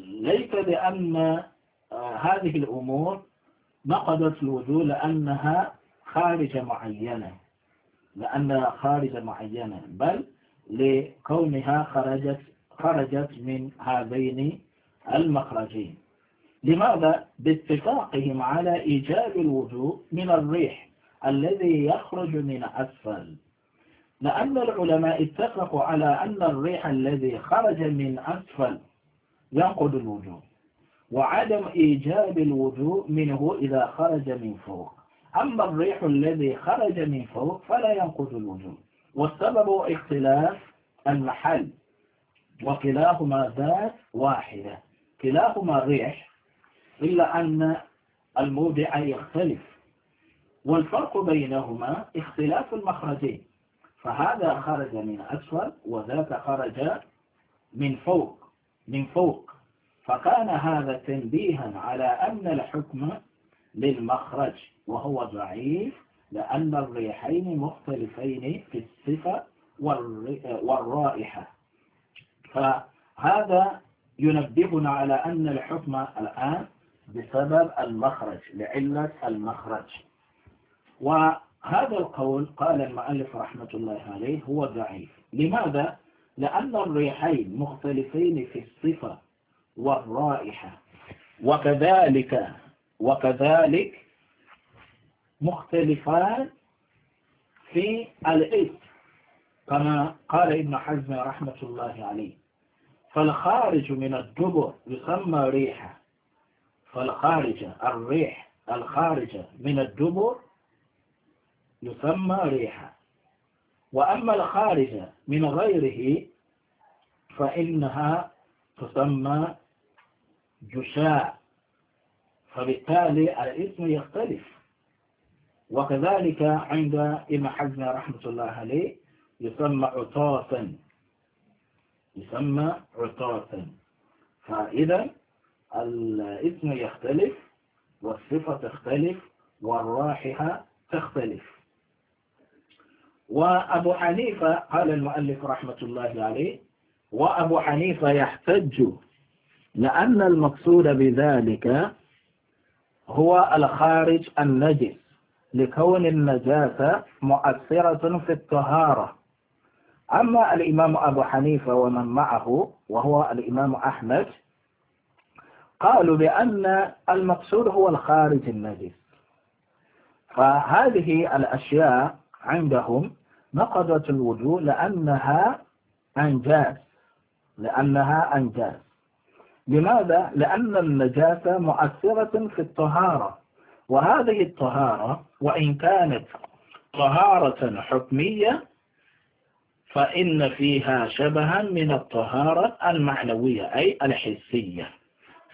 ليس لأن آه، هذه الأمور نقضت الوجود لأنها خارجة معينة لأنها خارجة معينة بل لكونها خرجت خرجت من هذين المخرجين لماذا؟ باتفاقهم على إيجاب الوضوء من الريح الذي يخرج من أسفل لأن العلماء اتفقوا على أن الريح الذي خرج من أسفل ينقض الوجوء وعدم إيجاب الوجوء منه إذا خرج من فوق أما الريح الذي خرج من فوق فلا ينقض الوجوء والسبب اختلاف المحل وكلاهما ذات واحدة كلاهما ريح إلا أن الموضع يختلف والفرق بينهما اختلاف المخرجين فهذا خرج من أسفل وذاك خرج من فوق من فوق فكان هذا تنبيها على أن الحكم للمخرج وهو ضعيف لأن الريحين مختلفين في الصفة والرائحة فهذا ينبهنا على أن الحكم الآن بسبب المخرج لعلة المخرج وهذا القول قال المؤلف رحمة الله عليه هو ضعيف لماذا؟ لأن الريحين مختلفين في الصفة والرائحة وكذلك وكذلك مختلفان في الإثم كما قال ابن حزم رحمة الله عليه فالخارج من الدبر يسمى ريحة فالخارج الريح الخارجة من الدبر يسمى ريحة وأما الخارجة من غيره فإنها تسمى جشاء فبالتالي الاسم يختلف وكذلك عند ابن حزم رحمة الله عليه يسمى عطاسا يسمى عطاسا فإذا الاسم يختلف والصفة تختلف والراحة تختلف وأبو حنيفة قال المؤلف رحمة الله عليه وأبو حنيفة يحتج لأن المقصود بذلك هو الخارج النجس لكون النجاسة مؤثرة في الطهارة أما الإمام أبو حنيفة ومن معه وهو الإمام أحمد قالوا بأن المقصود هو الخارج النجس فهذه الأشياء عندهم نقضت الوجود لأنها أنجاز لأنها أنجاس لماذا؟ لأن النجاسة مؤثرة في الطهارة وهذه الطهارة وإن كانت طهارة حكمية فإن فيها شبها من الطهارة المعنوية أي الحسية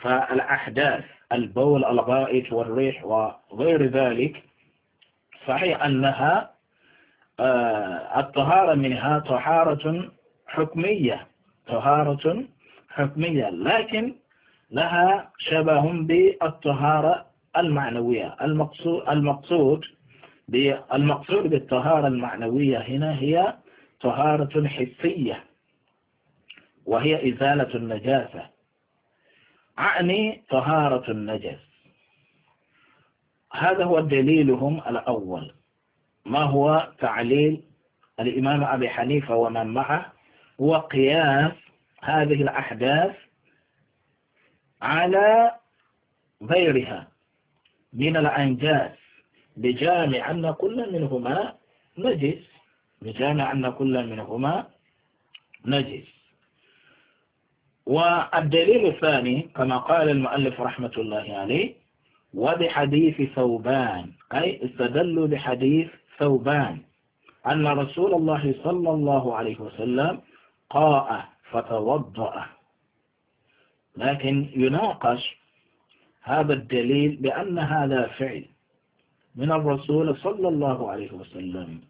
فالأحداث البول الغائط والريح وغير ذلك صحيح أنها آه، الطهارة منها طهارة حكمية طهارة حكمية لكن لها شبه بالطهارة المعنوية المقصود المقصود المقصود بالطهارة المعنوية هنا هي طهارة حسية وهي إزالة النجاسة أعني طهارة النجس هذا هو دليلهم الأول ما هو تعليل الإمام أبي حنيفة ومن معه وقياس هذه الأحداث على غيرها من الأنجاز بجامع أن كل منهما نجس بجامع أن كل منهما نجس والدليل الثاني كما قال المؤلف رحمة الله عليه وبحديث ثوبان أي استدلوا بحديث ثوبان أن رسول الله صلى الله عليه وسلم قاء فتوضأ لكن يناقش هذا الدليل بأن هذا فعل من الرسول صلى الله عليه وسلم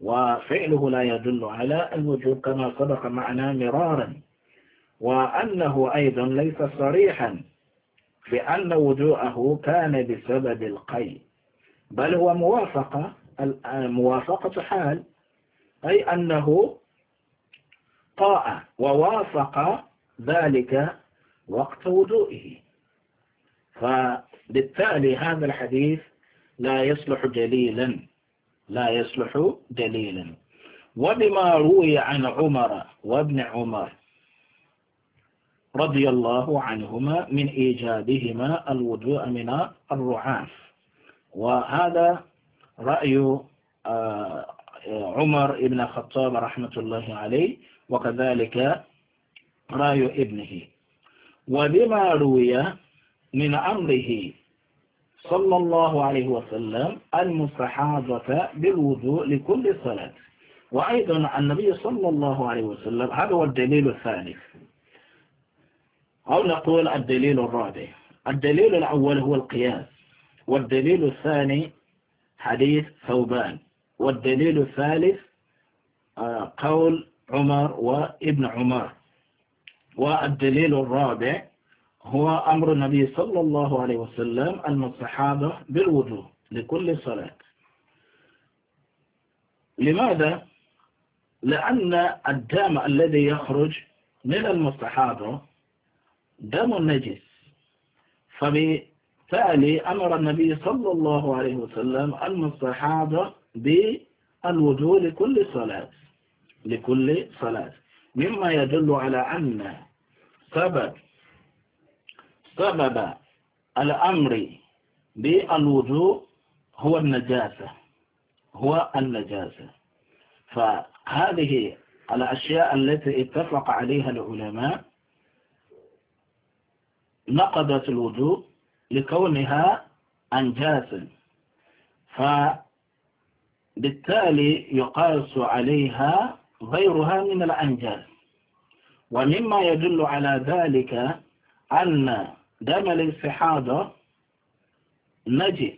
وفعله لا يدل على الوجوب كما سبق معنا مرارا وأنه أيضا ليس صريحا بأن وجوءه كان بسبب القي بل هو موافقة موافقة حال أي أنه طاعة ووافق ذلك وقت وضوئه فبالتالي هذا الحديث لا يصلح دليلا لا يصلح دليلا وبما روي عن عمر وابن عمر رضي الله عنهما من إيجابهما الوضوء من الرعاف وهذا رأي آه، عمر بن الخطاب رحمة الله عليه وكذلك راي ابنه وبما روي من أمره صلى الله عليه وسلم المستحاضة بالوضوء لكل صلاة وأيضا النبي صلى الله عليه وسلم هذا هو الدليل الثالث أو نقول الدليل الرابع الدليل الأول هو القياس والدليل الثاني حديث ثوبان والدليل الثالث آه، قول عمر وابن عمر والدليل الرابع هو أمر النبي صلى الله عليه وسلم أن الصحابة بالوضوء لكل صلاة لماذا؟ لأن الدم الذي يخرج من المستحاضة دم نجس فبالتالي أمر النبي صلى الله عليه وسلم المستحاضة بالوضوء لكل صلاة لكل صلاة مما يدل على أن سبب سبب الأمر بالوضوء هو النجاسة هو النجاسة فهذه الأشياء التي اتفق عليها العلماء نقضت الوضوء لكونها أنجاسا فبالتالي يقاس عليها غيرها من الأنجاز ومما يدل على ذلك أن دم الاستحاضة نجس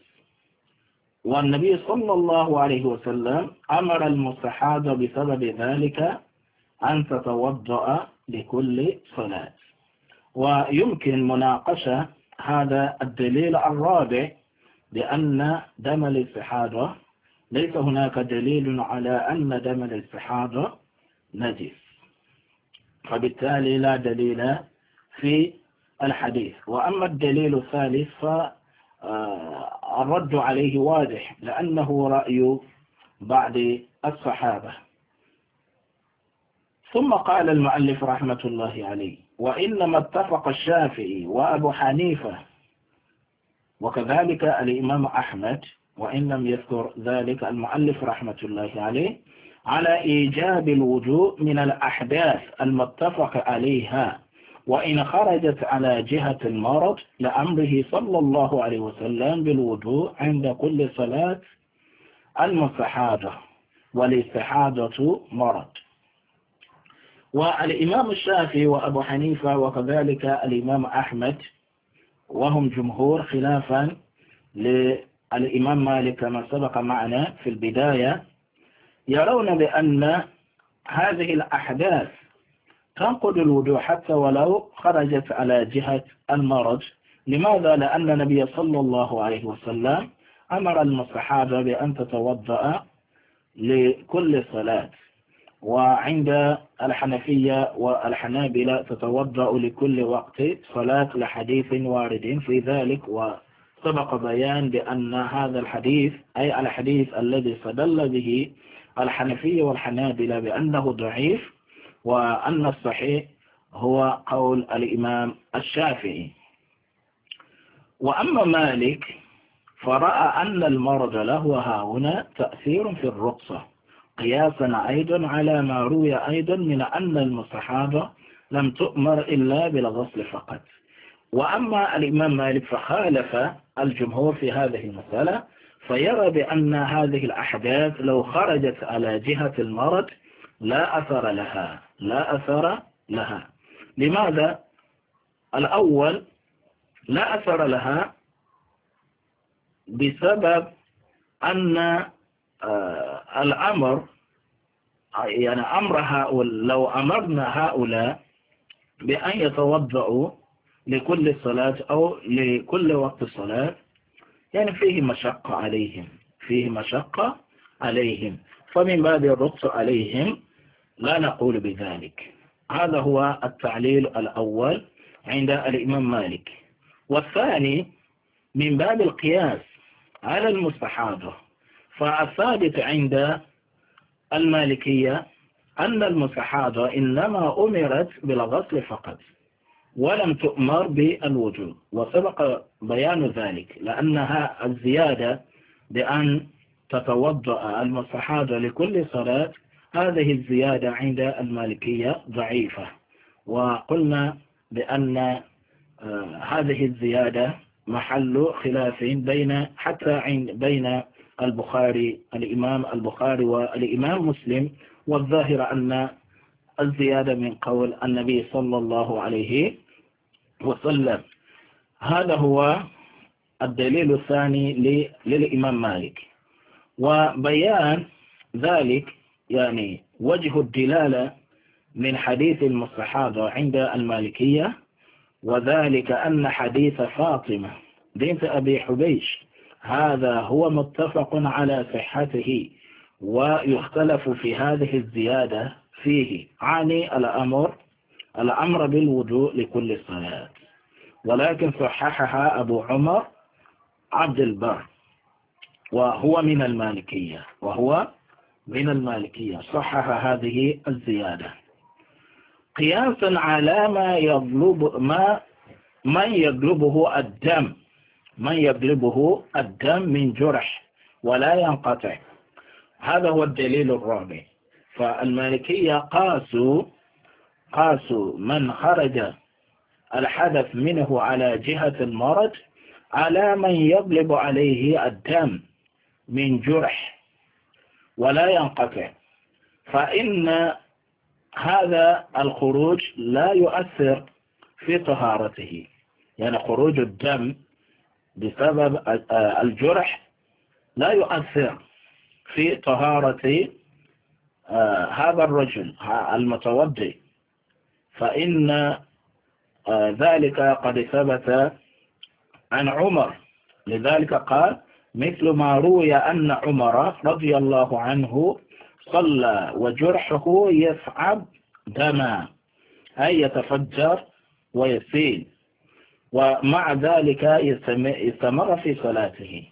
والنبي صلى الله عليه وسلم أمر المستحاضة بسبب ذلك أن تتوضأ لكل صلاة ويمكن مناقشة هذا الدليل الرابع بأن دم الاستحاضة ليس هناك دليل على أن دم الاستحاضة نجس فبالتالي لا دليل في الحديث وأما الدليل الثالث فالرد عليه واضح لأنه رأي بعض الصحابة ثم قال المؤلف رحمة الله عليه وإنما اتفق الشافعي وأبو حنيفة وكذلك الإمام أحمد وإن لم يذكر ذلك المؤلف رحمة الله عليه على إيجاب الوجوء من الأحداث المتفق عليها وإن خرجت على جهة المرض لأمره صلى الله عليه وسلم بالوجوء عند كل صلاة المستحاضة والاستحاضة مرض والإمام الشافعي وأبو حنيفة وكذلك الإمام أحمد وهم جمهور خلافا الإمام مالك كما سبق معنا في البداية يرون بأن هذه الأحداث تنقض الوضوء حتى ولو خرجت على جهة المرج لماذا؟ لأن النبي صلى الله عليه وسلم أمر المصحابة بأن تتوضأ لكل صلاة وعند الحنفية والحنابلة تتوضأ لكل وقت صلاة لحديث وارد في ذلك و سبق بيان بأن هذا الحديث أي الحديث الذي استدل به الحنفية والحنابلة بأنه ضعيف وأن الصحيح هو قول الإمام الشافعي وأما مالك فرأى أن المرج له هنا تأثير في الرقصة قياسا أيضا على ما روي أيضا من أن المصحابة لم تؤمر إلا بالغسل فقط وأما الإمام مالك فخالف الجمهور في هذه المسألة فيرى بأن هذه الأحداث لو خرجت على جهة المرض لا أثر لها لا أثر لها لماذا؟ الأول لا أثر لها بسبب أن آه، الأمر يعني أمر هؤلاء لو أمرنا هؤلاء بأن يتوضعوا لكل صلاة أو لكل وقت الصلاة يعني فيه مشقة عليهم فيه مشقة عليهم فمن بعد الرقص عليهم لا نقول بذلك هذا هو التعليل الأول عند الإمام مالك والثاني من باب القياس على المستحاضة فالثابت عند المالكية أن المستحاضة إنما أمرت بالغسل فقط ولم تؤمر بالوجوب وسبق بيان ذلك لأنها الزيادة بأن تتوضأ المصحابة لكل صلاة هذه الزيادة عند المالكية ضعيفة وقلنا بأن آه، هذه الزيادة محل خلاف بين حتى عند بين البخاري الإمام البخاري والإمام مسلم والظاهر أن الزيادة من قول النبي صلى الله عليه وسلم هذا هو الدليل الثاني للإمام مالك وبيان ذلك يعني وجه الدلالة من حديث المصحابة عند المالكية وذلك أن حديث فاطمة بنت أبي حبيش هذا هو متفق على صحته ويختلف في هذه الزيادة فيه عن الأمر الأمر بالوضوء لكل صلاة ولكن صححها أبو عمر عبد البر وهو من المالكية وهو من المالكية صحح هذه الزيادة قياسا على ما يطلب ما من يطلبه الدم من يطلبه الدم من جرح ولا ينقطع هذا هو الدليل الرابع فالمالكية قاسوا قاس من خرج الحدث منه على جهة المرض على من يغلب عليه الدم من جرح ولا ينقطع فإن هذا الخروج لا يؤثر في طهارته يعني خروج الدم بسبب الجرح لا يؤثر في طهارة آه، هذا الرجل المتوضئ فإن آه، ذلك قد ثبت عن عمر لذلك قال مثل ما روي أن عمر رضي الله عنه صلى وجرحه يصعب دما أي يتفجر ويسيل ومع ذلك استمر في صلاته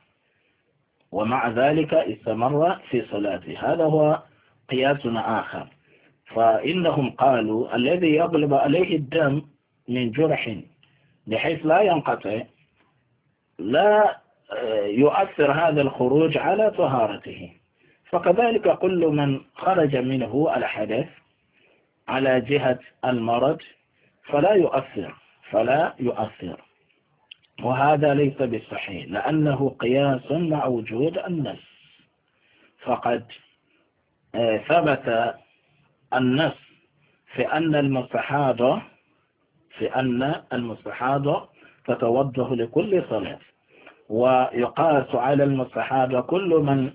ومع ذلك استمر في صلاته هذا هو قياسنا آخر فإنهم قالوا الذي يغلب عليه الدم من جرح بحيث لا ينقطع لا آه، يؤثر هذا الخروج على طهارته فكذلك كل من خرج منه الحدث على جهة المرض فلا يؤثر فلا يؤثر وهذا ليس بالصحيح لأنه قياس مع وجود النس فقد آه، ثبت النص في أن المستحاضة في أن المستحاضة تتوضأ لكل صلاة ويقاس على المستحاضة كل من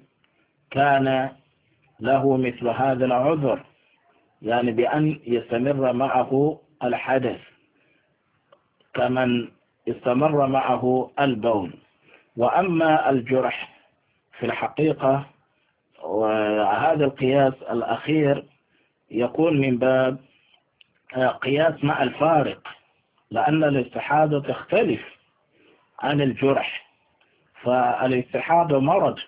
كان له مثل هذا العذر يعني بأن يستمر معه الحدث كمن استمر معه البول وأما الجرح في الحقيقة وهذا القياس الأخير يقول من باب آه، قياس مع الفارق لأن الاتحاد تختلف عن الجرح فالاتحاد مرض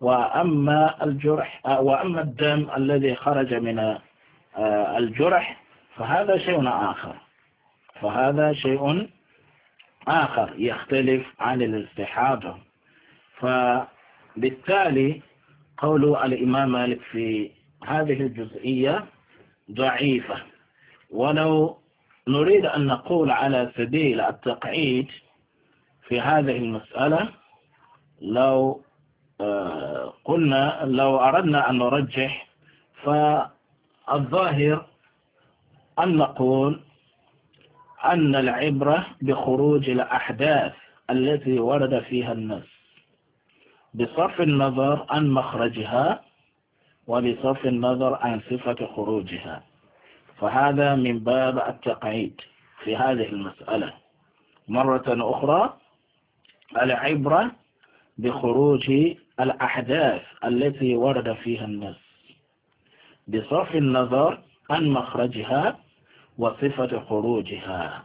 وأما الجرح آه، وأما الدم الذي خرج من آه، الجرح فهذا شيء آخر فهذا شيء آخر يختلف عن الاستحاضة فبالتالي قول الإمام مالك في هذه الجزئية ضعيفة ولو نريد أن نقول على سبيل التقعيد في هذه المسألة لو آه، قلنا لو أردنا أن نرجح فالظاهر أن نقول أن العبرة بخروج الأحداث التي ورد فيها النص بصرف النظر عن مخرجها وبصرف النظر عن صفة خروجها فهذا من باب التقعيد في هذه المسألة مرة أخرى العبرة بخروج الأحداث التي ورد فيها النص بصرف النظر عن مخرجها وصفة خروجها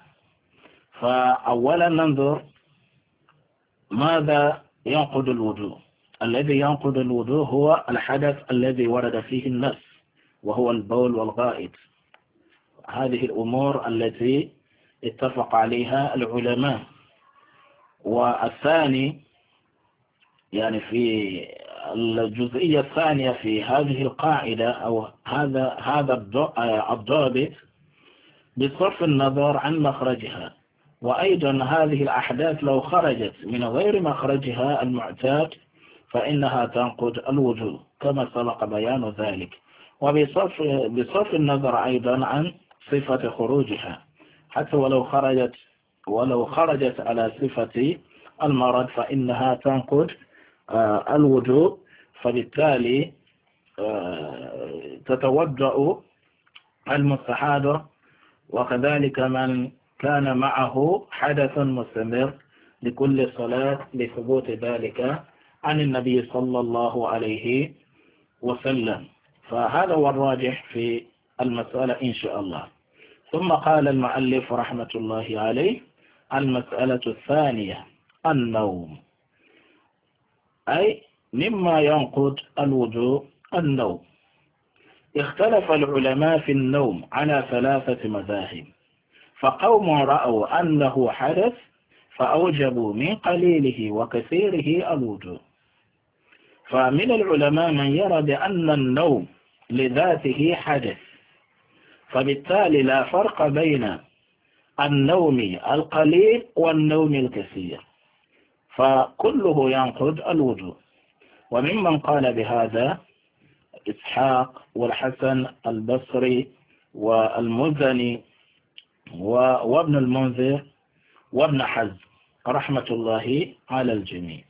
فأولا ننظر ماذا ينقض الوجوه الذي ينقض الوضوء هو الحدث الذي ورد فيه النص وهو البول والغائط هذه الأمور التي اتفق عليها العلماء والثاني يعني في الجزئية الثانية في هذه القاعدة أو هذا هذا الضابط بصرف النظر عن مخرجها وأيضا هذه الأحداث لو خرجت من غير مخرجها المعتاد فإنها تنقض الوجود كما سبق بيان ذلك وبصرف بصرف النظر أيضا عن صفة خروجها حتى ولو خرجت ولو خرجت على صفة المرض فإنها تنقض آه، الوجود فبالتالي آه، تتوجأ المستحاضة وكذلك من كان معه حدث مستمر لكل صلاة لثبوت ذلك عن النبي صلى الله عليه وسلم فهذا هو الراجح في المسألة إن شاء الله ثم قال المؤلف رحمة الله عليه المسألة الثانية النوم أي مما ينقض الوجوء النوم اختلف العلماء في النوم على ثلاثة مذاهب فقوم رأوا أنه حدث فأوجبوا من قليله وكثيره الوجوه فمن العلماء من يرى بأن النوم لذاته حدث فبالتالي لا فرق بين النوم القليل والنوم الكثير فكله ينقض الوضوء وممن قال بهذا إسحاق والحسن البصري والمزني وابن المنذر وابن حزم رحمة الله على الجميع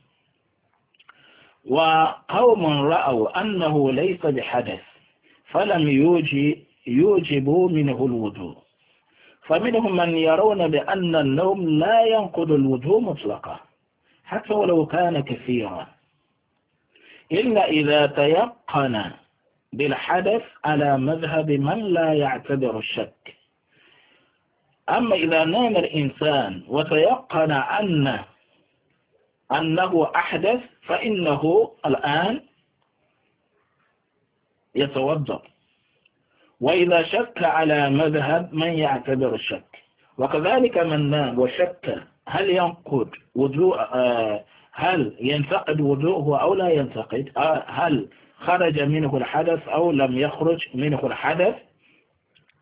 وقوم رأوا أنه ليس بحدث فلم يوجبوا منه الوضوء فمنهم من يرون بأن النوم لا ينقض الوضوء مطلقا حتى ولو كان كثيرا إلا إذا تيقن بالحدث على مذهب من لا يعتبر الشك أما إذا نام الإنسان وتيقن أن أنه أحدث فإنه الآن يتوضأ وإذا شك على مذهب من يعتبر الشك وكذلك من نام وشك هل ينقض وضوء آه، هل ينتقد وضوءه أو لا ينتقد آه، هل خرج منه الحدث أو لم يخرج منه الحدث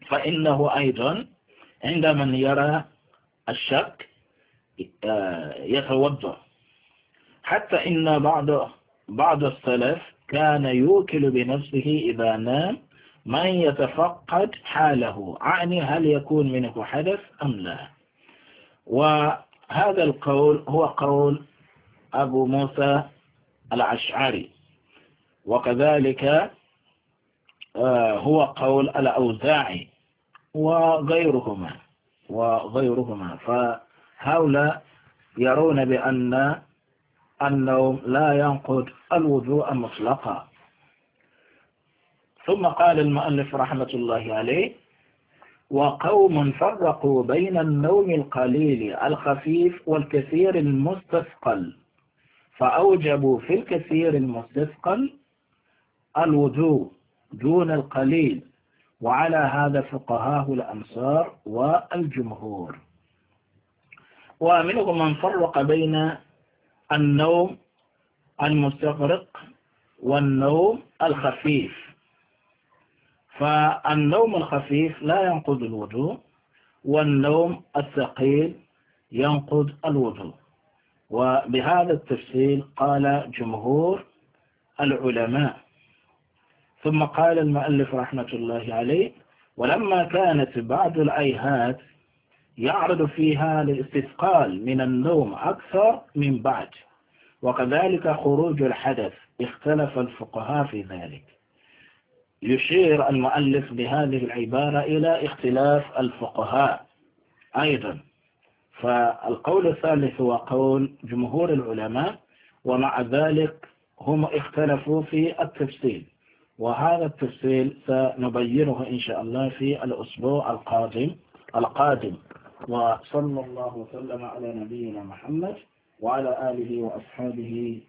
فإنه أيضا عندما يرى الشك آه، يتوضأ حتى إن بعض بعض السلف كان يوكل بنفسه إذا نام من يتفقد حاله أعني هل يكون منه حدث أم لا وهذا القول هو قول أبو موسى الأشعري وكذلك آه، هو قول الأوزاعي وغيرهما وغيرهما فهؤلاء يرون بأن النوم لا ينقض الوضوء مطلقا ثم قال المؤلف رحمة الله عليه وقوم فرقوا بين النوم القليل الخفيف والكثير المستثقل فأوجبوا في الكثير المستثقل الوضوء دون القليل وعلى هذا فقهاء الأمصار والجمهور ومنهم من فرق بين النوم المستغرق والنوم الخفيف فالنوم الخفيف لا ينقض الوضوء والنوم الثقيل ينقض الوضوء وبهذا التفصيل قال جمهور العلماء ثم قال المؤلف رحمة الله عليه ولما كانت بعض الأيهات يعرض فيها للاستثقال من النوم أكثر من بعد وكذلك خروج الحدث اختلف الفقهاء في ذلك يشير المؤلف بهذه العبارة إلى اختلاف الفقهاء أيضا فالقول الثالث هو قول جمهور العلماء ومع ذلك هم اختلفوا في التفصيل وهذا التفصيل سنبينه إن شاء الله في الأسبوع القادم القادم وصلى الله وسلم على نبينا محمد وعلى آله وأصحابه